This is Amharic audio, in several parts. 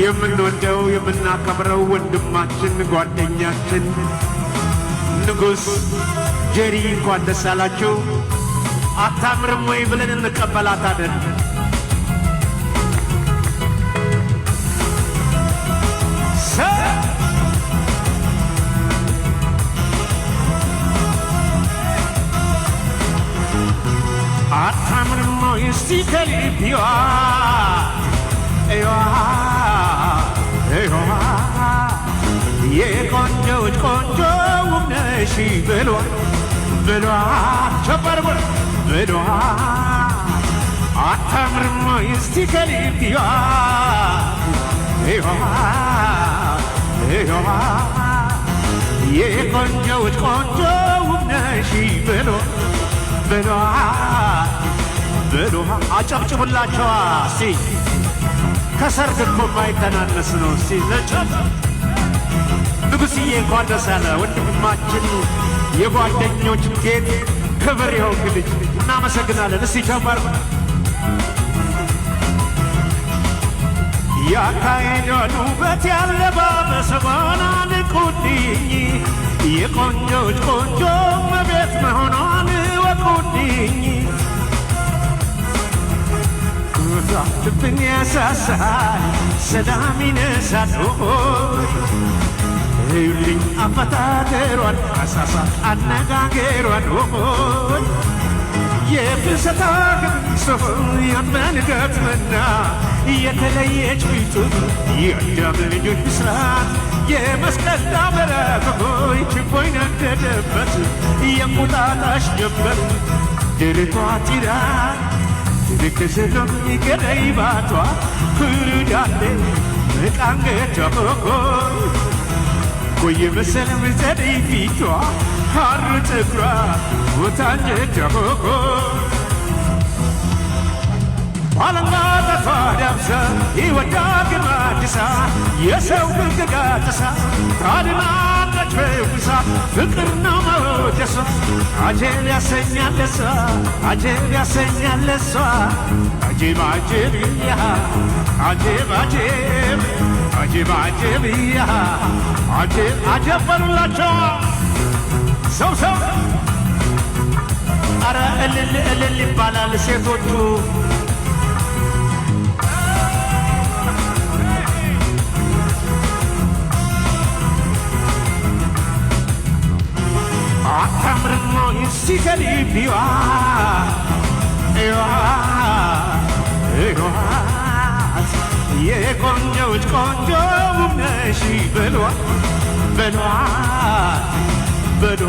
የምንወደው የምናከብረው ወንድማችን ጓደኛችን ንጉሥ ጄሪ እንኳን ደስ አላችሁ። አታምርም ወይ ብለን እንቀበላታለን። አታምርም ወይ እስቲ ከልቢዋ ብሏል የቆንጆች ቆንጆውም ነሽ ብሏል ብሏል ቸበር ብሏል አታምርም ወይ እስቲ ከልብ የቆንጆች ቆንጆውም ነሽ ብሎ ብሎ ብሎ አጨብጭቡላቸዋ እስቲ ከሰርግ እኮ የማይተናነስ ነው። እስቲ ነጭ ንጉሥዬ እንኳን ደስ አለ ወንድማችን የጓደኞች ጌት ክብር የሆንክ ልጅ እናመሰግናለን። እስቲ ጨመር ያካሄዷን ውበት ያለባበሰባና ንቁድኝ የቆንጆች ቆንጆ መቤት መሆኗን ወቁድኝ ግርፋ ልብን ያሳሳል ሰላም ይነሳል እዩልኝ አፈታተሯን አሳሳ አነጋገሯን ሆይ የፍሰታ ግሶ ያመንገት መና የተለየች ፊቱ የአዳም ልጆች ምስራት የመስቀል ዳበረት ሆይ ችቦይ ነደደበት የሙላጣሽ ጀንበር ድርቷ ጢራል ልክስቱም ይገረይ ባቷ ፍርዳለ በጣም ገቷ ቆየ መሰለ ምጸደይ ፊቷ ሀሩ ፀጉሯ ቦታ እንጀቷ አለማጠፋ ዳብሳ ይወዳ ግማድሳ የሰው ምግጋ ጥሳ ታድና ፈውሳ ፍቅር ነው መውደሷ አጀብ ያሰኛል እሷ አጀብ ያሰኛል እሷ አጀብ አጀብ እያ አጀብ አጀብ አጀብ አጀብ እያ አጀብ አጀብ በሉላቸው ሰው ሰው አረ እልል እልል ይባላል ሴቶቹ የቆንጆች ቆንጆ ነሽ በሏ በሏ በሏ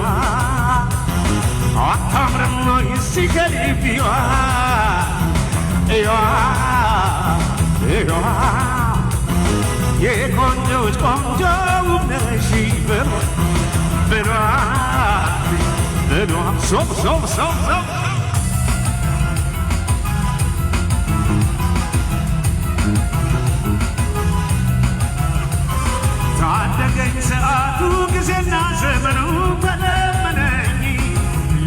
አታምርም ወይ ሲከሊቢዋ እዋ እዋ የቆንጆች ቆንጆ ነሽ በሏ በሏ Benoît. Sauve, sauve, sauve, sauve. ታደገኝ ሰዓቱ ጊዜና ዘመኑ በለመነኝ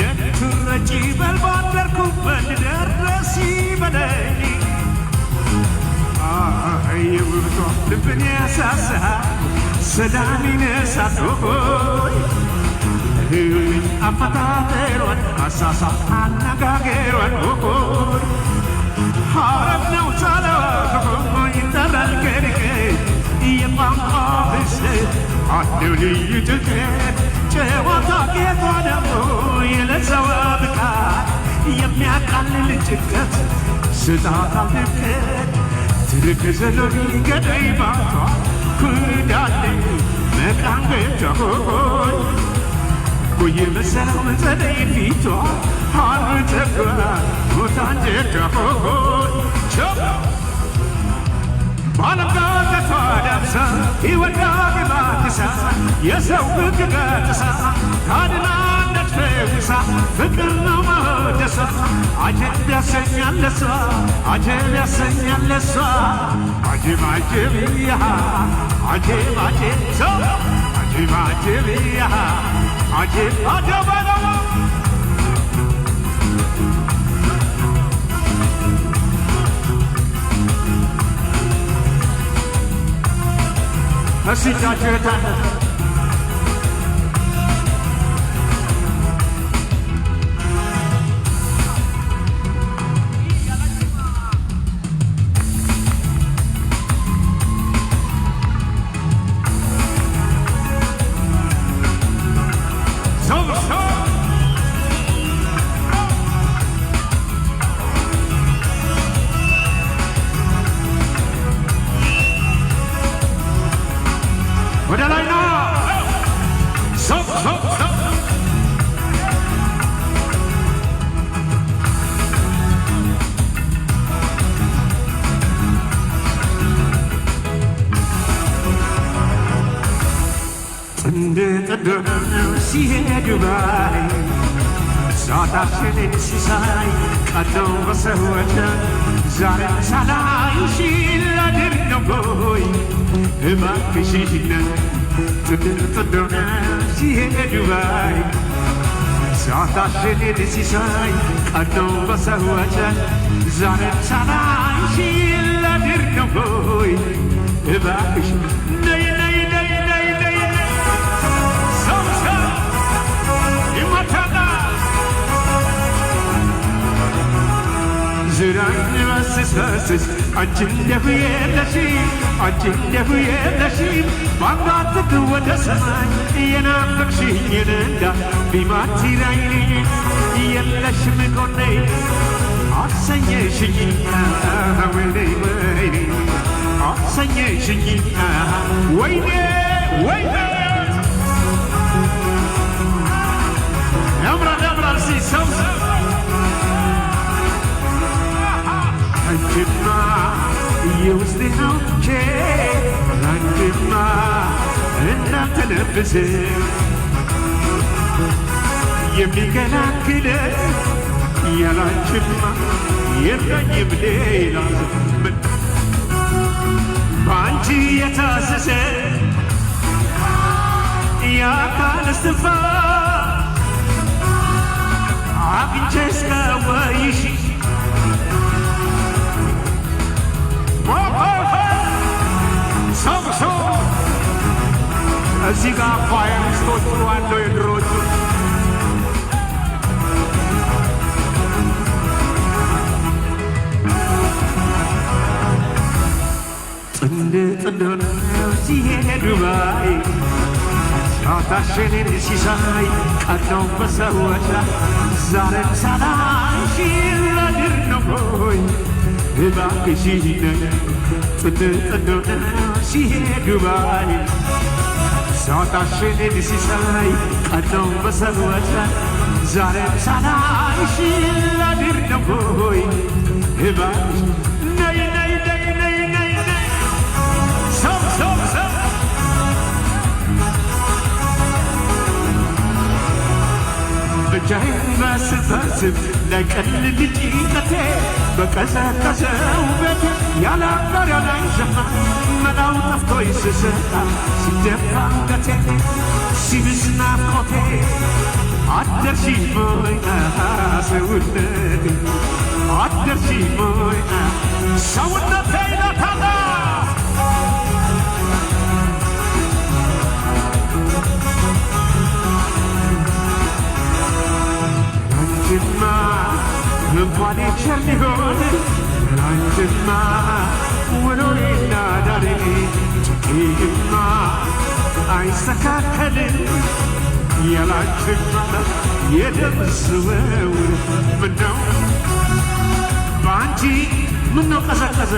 ልትረጪ በል ባደርኩበት ደረሲ በለኝ የውብቷ ልብን ያሳሳ ሰላሚን ሳቶሆይ ህዩኝ አፈታተሯን አሳሳብ አነጋገሯን ሐረግ ነው ቻለዋ ከኮንጎ ይጠራል ከድቄ የቋንቋ ብስለት አለው ልዩ ጥቅም ጨዋታ ጌቷ ደግሞ የለሰዋ ብቃት የሚያቃልል ጭንቀት ስጣታ ልቀት ትርክ ዘሎኒ ገደይ ባቷ ክዳል መቃንገጃሆ የሰው ፍቅር ገጥሳ ካድና እንደትፈውሳ ፍቅር ነው መደሳ አጀብ ያሰኛል ለሷ አጀብ ያሰኛል ለሷ አጀብ አጀብ ያ አጀብ አጀብ ሰው አጀብ አጀብ ያ Acı acı bana Nasıl acı tanrım ወደ ላይና ሰው ሰው ሰው ጥንድ ጥንድ ሲሄድ ባይ ሳታሽን ሲሳይ ቀደው በሰወደ ዛሬ ሳላይ ሲለድር ነው ጎይ ma piscina Tutto tornarsi e Dubai Santa scegliere si sai Cardo basa uaca Zare sarai Scilla dirno voi E ma ney ney ney ney ney. dai Somsa Imatana ساسس ساسس أجل هي نشيم أجل هي نشيم بغات تود سماي ينافق شيء يندا بما تيريني يلش مكوني أحسنيشي أولي مهيني أحسنيشي ويني ويني يا مرة يا مرة سي سوسو ላንቺማ የውስጤን አውቄ ላንቺማ እንዳልተለብስ የሚከላክል ያላንቺማ የለኝም ሌላ በአንቺ የታሰሰ የአካል እስትንፋ አግኝቼ Сідафаєм 120 друзі. እንደ ጥንዶን ነው ሲሄዱ ባይ ሻታሽንን ሲሳይ ቀነው በሰዎች ላይ ዛሬም ሳላሽ ለድር ነው ሆይ እባክሽን እንደ ጥንዶን ነው ሲሄዱ ባይ So taşını bizi sana kadın basarılacak Zarem sana işilladir de koy Hibar Ney ney ney ney ney ney Sam sam sam بجاي ما ستاسب لك اللي بجيتك بكذا كذا وبك يا لا يا لا جهان madam taftoy sese sitte fan kache sibis na kote atter si moy a se utte atter si moy a sawna pay na thada Ranjit ma, the body chandigone Ranjit ma, the body ውሎዬና ዳሬ ጭቄማ አይስተካከልም የላችማ የደምስበው ምነው በአንቺ ምነው ቀዘቀዘ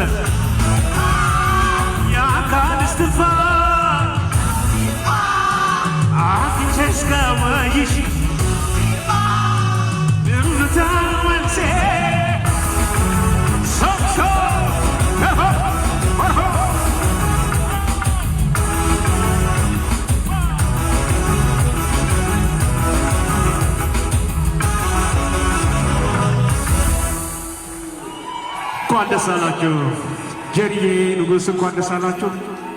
እንኳን ደስ አላችሁ ጀርዬ ንጉሥ፣ እንኳን ደስ አላችሁ።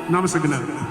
እናመሰግናለን።